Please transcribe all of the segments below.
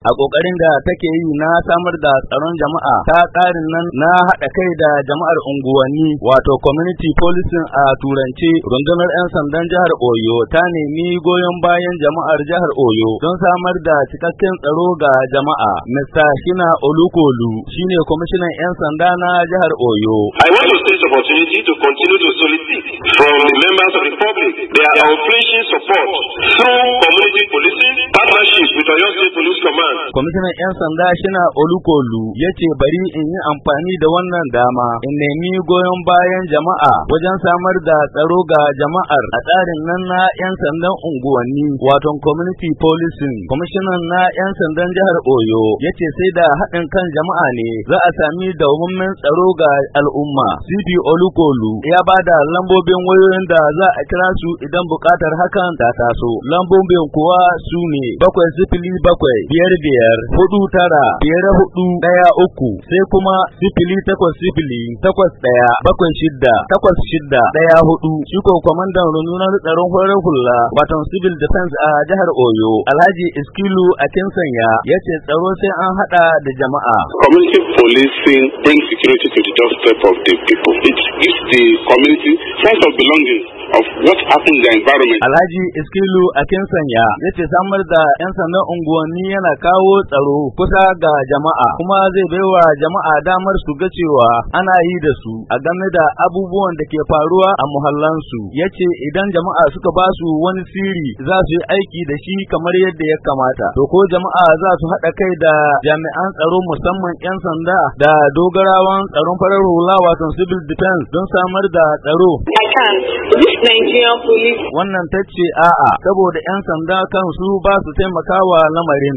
a kokarin da take yi na samar da tsaron jama'a ta tsarin nan na haɗa kai da jama'ar unguwanni wato community policing a Turanci, rundunar 'yan sandan jihar oyo ta nemi goyon bayan jama'ar jihar oyo don samar da cikakken tsaro ga jama'a mr shina olukolu shine kwamishinan 'yan sanda na jihar oyo I want to take the opportunity to continue to solicit from the members of the public their police Kwamishinan 'yan sanda Shina Olukolu ya ce bari in yi amfani da wannan dama in nemi goyon bayan jama'a wajen samar da tsaro ga jama'ar a tsarin nan na 'yan sandan unguwanni wato community policing. Kwamishinan na 'yan sandan jihar Oyo ya ce sai da haɗin kan jama'a ne za a sami dawwammamin tsaro ga al'umma. CD Olukolu ya ba da lambobin wayoyin da za a kira su idan bukatar hakan ta taso. Lambobin kuwa su ne bakwai sifili bakwai biyar biyar hudu tara biyar hudu ɗaya uku sai kuma sifili takwas sifili takwas ɗaya bakwai shidda takwas shidda ɗaya hudu shi ko kwamandan rundunar tsaron horar hula watan civil defense a jihar Oyo Alhaji Iskilu a Kinsanya ya ce tsaro sai an hada da jama'a. Community policing brings security to the doorstep of the people. It gives the community sense of belonging of what happened in the environment. Alhaji Iskilu a Kinsanya ya ce samar da 'yan sandan unguwanni yana kawo tsaro kusa ga jama'a kuma zai baiwa jama'a damar su ga cewa ana yi da su a game da abubuwan da ke faruwa a muhallansu ya ce idan jama'a suka ba su wani siri za su yi aiki da shi kamar yadda ya kamata to ko jama'a za su haɗa kai da jami'an tsaro musamman 'yan sanda da dogarawan tsaron farar hula wato civil defense don samar da tsaro can this Nigerian police. Wannan ta ce a'a saboda 'yan sanda kan su ba su taimakawa lamarin.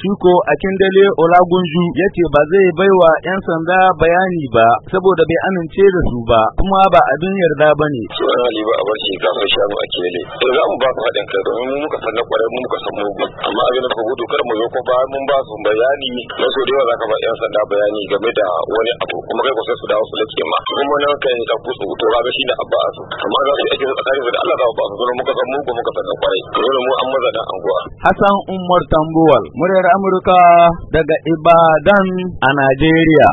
Su ko Akindele Olagunju ya ce ba zai baiwa 'yan sanda bayani ba saboda bai amince da su ba kuma ba abin yarda ba ne. Tsoron Ali ba a bar shi kafin shanu a kele. Za mu ba ku haɗin kai domin mu muka san na ƙwarai mu muka san mugu. Amma abin da ka gudu kar mu yi ko ba mun ba su bayani na so da yawa za ka ba 'yan sanda bayani game da da wani abu kuma kai ko sai su dawo su lake ma kuma nan kai da ku su to ga shi da abba su amma ga su ake tsakanin su da Allah da ba su don muka san mu ko muka san kwarai dole mu an maza da anguwa Hassan Umar Tambuwal muryar Amurka daga Ibadan a Najeriya